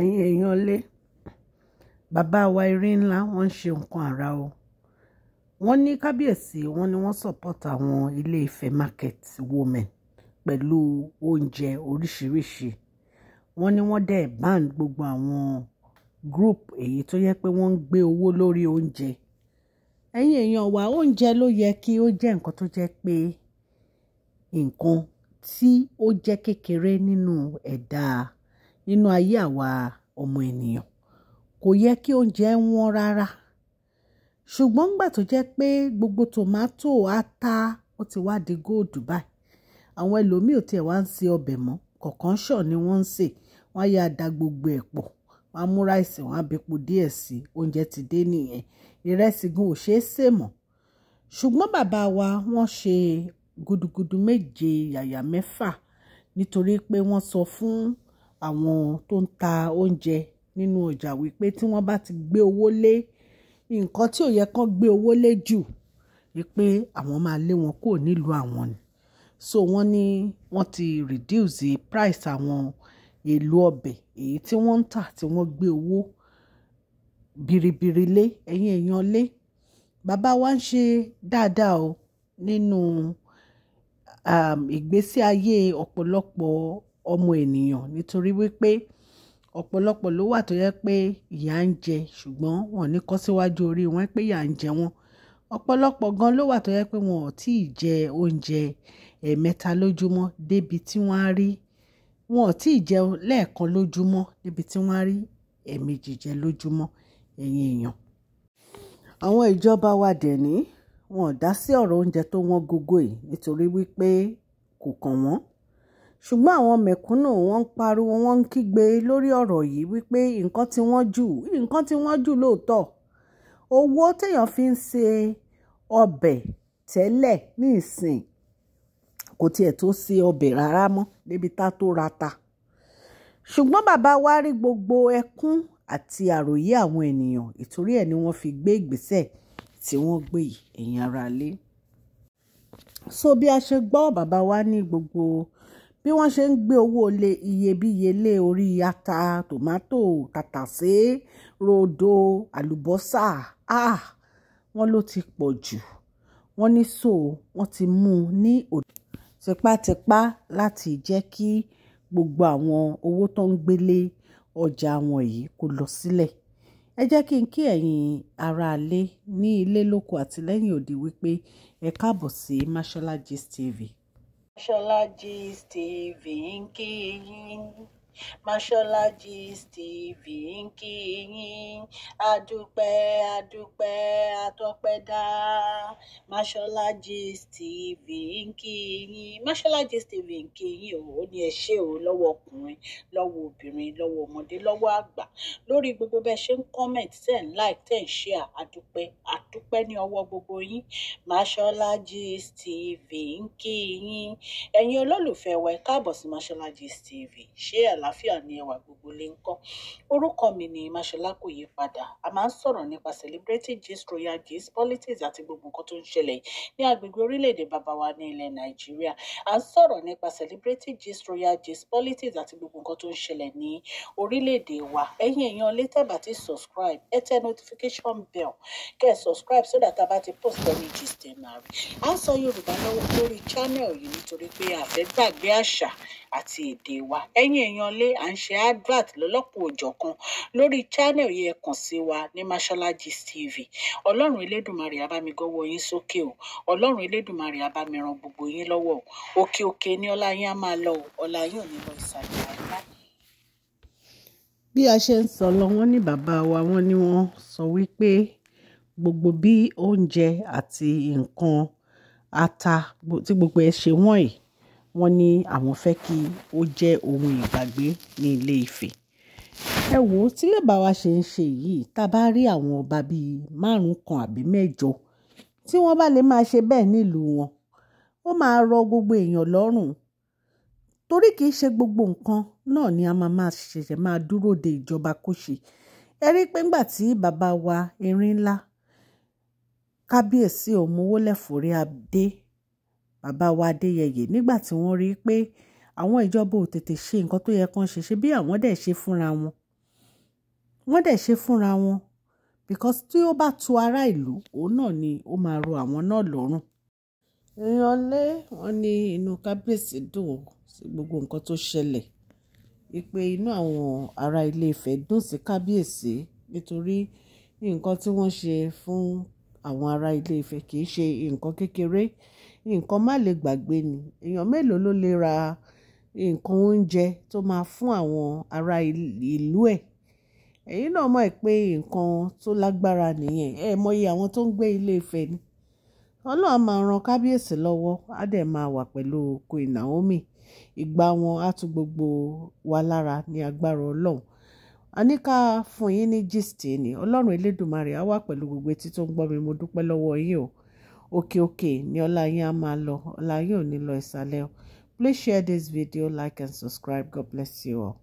ẹ̀yin èèyàn lé bàbá wa eré ńlá wọ́n ń ṣe nǹkan àrà o wọ́n ní kábíyèsí wọ́n ní wọ́n support àwọn ilé Ifẹ̀ market women pẹ̀lú oúnjẹ oríṣiríṣi wọ́n ní wọ́n dẹ̀ ban gbogbo àwọn group èyí tó yẹ pé wọ́n ń gbé owó lórí oúnjẹ ẹ̀yin èèyàn wa oúnjẹ ló yẹ kí ó jẹ́ nǹkan tó jẹ́ pé nǹkan tí ó jẹ́ kékeré nínú ẹ̀dá. E nínú ayé àwa ọmọ ènìyàn kò yẹ kí oúnjẹ wọ́n rárá ṣùgbọ́n nígbà tó jẹ́ pé gbogbo tòmátò ata ó ti wá di góòdù báyìí àwọn ẹlòmíì ò tiẹ̀ wá ń ṣe ọbẹ̀ mọ́ kọ̀ọ̀kan ṣọ̀ ni wọ́n ń sè wọ́n á yà da gbogbo ẹ̀ pọ̀ wọ́n á mú ráìsì wọ́n á bepo díẹ̀ sí oúnjẹ ti dé nìyẹn ìrẹsì gan ò ṣeé sè mọ́ ṣùgbọ́n bàbá wa wọ́n ṣe gudugudu méje yàyà mẹ́fà nítorí pé wọ́n sọ fún àwọn tó ń ta oúnjẹ nínú ọjà wípé tí wọ́n bá ti gbé owó lé nǹkan tí ò yẹ kán gbé owó lé jù wípé àwọn máa lé wọn kúrò nílùú àwọn ni so wọ́n ní wọ́n ti reduce price àwọn èlò ọbẹ̀ èyí tí wọ́n ń tà tí wọ́n gbé owó biribiri lé ẹ̀yìn èèyàn lé bàbá wa ń ṣe dáadáa o nínú um, ìgbésí ayé ọ̀pọ̀lọpọ̀ ọmọ ènìyàn nítorí wípé ọ̀pọ̀lọpọ̀ ló wà tó yẹ pé ìyà ń jẹ ṣùgbọ́n wọn ní kọ́ síwájú orí wọn pé ìyà ń jẹ wọn ọ̀pọ̀lọpọ̀ gan ló wà tó yẹ pé wọn ò tí ì jẹ oúnjẹ ẹ̀ẹ̀mẹ́ta lójúmọ́ débi tí wọ́n á rí wọn ò tí ì jẹun lẹ́ẹ̀kan lójúmọ́ débi tí wọ́n á rí ẹ̀ẹ̀mejì jẹ lójúmọ́ ẹ̀yin èèyàn. àwọn ìjọba wa dẹ̀ ní wọn ò dá sí ọ̀rọ̀ oúnjẹ tó wọ́n gógó yìí nítorí wípé kò kàn wọ́n ṣùgbọ́n àwọn mẹ̀kúnnù wọ́n ń pariwo wọ́n ń kígbe lórí ọ̀rọ̀ yìí wípé nǹkan tí wọ́n jù nǹkan tí wọ́n jù lóòótọ́ owó téèyàn fi ń ṣe ọbẹ̀ tẹ́lẹ̀ ní ìsìn kò tiẹ̀ tó ṣe ọbẹ̀ rárá mọ́ débi tá tó rata ṣùgbọ́n bàbá wa rí gbogbo ẹkún àti àròyé àwọn ènìyàn ìtorí ẹ̀ ni wọ́n fi gbé ìgbésẹ̀ tí wọ́n gbé yìí ẹ̀yin ará lé so bí a ṣe gbọ́ bàbá wa ní gbogbo bí wọ́n ṣe ń gbé owó lé iyebíye lé orí ata tòmátò tàtàsé rodo alubosa ah wọ́n ló ti pọ̀ jù wọ́n ní so wọ́n ti mú un ní òde tipátipá láti jẹ́ kí gbogbo àwọn owó tó ń gbélé ọjà wọn yìí kó lọ sílẹ̀ ẹ jẹ́ kí n kí ẹ̀yin aráalé ní ilé lóko àtìlẹ́yìn òde wípé ẹ káàbọ̀ sí Mashola TV Mashallah Steve Inky. Mashallah Steve Inky. adúpẹ́ adúpẹ́ àtọpẹ́dá Mashola Gist TV ń kí yín Mashola TV ń kí o ó ní ẹ o lọ́wọ́ ọkùnrin lọ́wọ́ obìnrin lọ́wọ́ ọmọdé lọ́wọ́ àgbà lórí gbogbo bẹ́ẹ̀ ṣe ń comment ten like ten share adúpẹ́ adúpẹ́ ní ọwọ́ gbogbo yín Mashola Gist TV ń kí yín ẹ̀yin olólùfẹ́ wa ẹ káàbọ̀ sí Mashola Gist TV ṣé àlàáfíà ni ẹwà gbogbo lè ń kọ́ orúkọ mi ni Mashola kò padà a máa ń sọ̀rọ̀ nípa celebrity gist royal gist politics àti gbogbo nǹkan tó ń ṣẹlẹ̀ ní agbègbè orílẹ̀-èdè bàbá wa ní ilẹ̀ nàìjíríà a ń sọ̀rọ̀ nípa celebrity gist royal gist politics àti gbogbo nǹkan tó ń ṣẹlẹ̀ ní orílẹ̀-èdè wa ẹ̀yin èèyàn lè tẹ̀bà tí subscribe ẹ tẹ notification bell kẹ́ ẹ subscribe so that a bá ti post any gist ẹ̀ máa rí à ń sọ yorùbá lórí channel yìí nítorí pé a fẹ́ gbàgbé àṣà àti èdè wa ẹ̀yin èèyàn lé à ń ṣe advert lọ́lọ́pọ̀ òjọ̀kan lórí channel yẹn kàn sí wa ní Mashola Gist TV ọlọ́run elédùnmarè á bá mi gọ́wọ́ yín sókè o ọlọ́run elédùnmarè á bá mi ran gbogbo yín lọ́wọ́ o òkè òkè ni ọlá yín á máa lọ o ọlá yín ò ní lọ ìsàlẹ̀ àìlá. bí a ṣe ń sọ lọ wọ́n ní bàbá wa wọ́n ní wọ́n sọ wípé gbogbo bí oúnjẹ àti nǹkan ata tí gbogbo ẹ ṣe wọ̀nyí Wọ́n ní àwọn fẹ́ kí ó jẹ́ ohun ìgbàgbé ní ilé Ifẹ̀. Ẹ wò ó, tí bàbá wa ṣe ń ṣe yìí, tí a bá rí àwọn ọba bí márùn-ún kan àbí mẹ́jọ tí wọ́n bá lè máa ṣe bẹ́ẹ̀ nílùú wọn, ó máa rọ gbogbo èèyàn lọ́rùn. Torí kì í ṣe gbogbo nǹkan náà ni a máa máa ṣẹ̀ṣẹ̀ máa dúró de ìjọba kó ṣe. Ẹ rí pé nígbà tí bàbá wa Erin ńlá, Kábíyèsí Ọ̀mọ̀wọlé Fọ̀ríadé bàbá wa adéyẹyẹ nígbà tí wọ́n rí i pé àwọn ìjọba ò tètè ṣe nǹkan tó yẹ kán ṣe ṣe bí àwọn dẹ̀ ṣe fúnra wọn wọ́n dẹ̀ ṣe fúnra wọn because tí ó bá tu ará ìlú òun náà ni ó máa ro àwọn náà lọ́rùn. ìyanlé wọn ní inú kábíyèsí dùn sí gbogbo nǹkan tó ṣẹlẹ̀ ìpè inú àwọn ará ilé Ifẹ̀ dùn sí kábíyèsí nítorí nǹkan tí wọ́n ṣe fún àwọn ará ilé Ifẹ̀ kì í ṣe nǹkan kékeré nǹkan má lè gbàgbé ni èèyàn mélòó ló lè ra nǹkan oúnjẹ tó máa fún àwọn ará ìlú ẹ̀ ẹ̀yin náà mọ̀ pé nǹkan tó lágbára nìyẹn ẹ mọyì àwọn tó ń gbé ilé Ifẹ̀ ni Ọlọ́run máa ran kábíyèsí lọ́wọ́ á dẹ̀ máa wà pẹ̀lú Queen Naomi ìgbà wọn á tu gbogbo wa lára ní agbára Ọlọ́run a fún yín ní gist ni Ọlọ́run Elédùmarè á wà pẹ̀lú gbogbo etí tó ń gbọ́ mi mo dúpẹ́ lọ́wọ́ yín o Okay, okay. ni ọlá yín á máa lọ ọlá yín ò ní o please share this video like and subscribe god bless you all.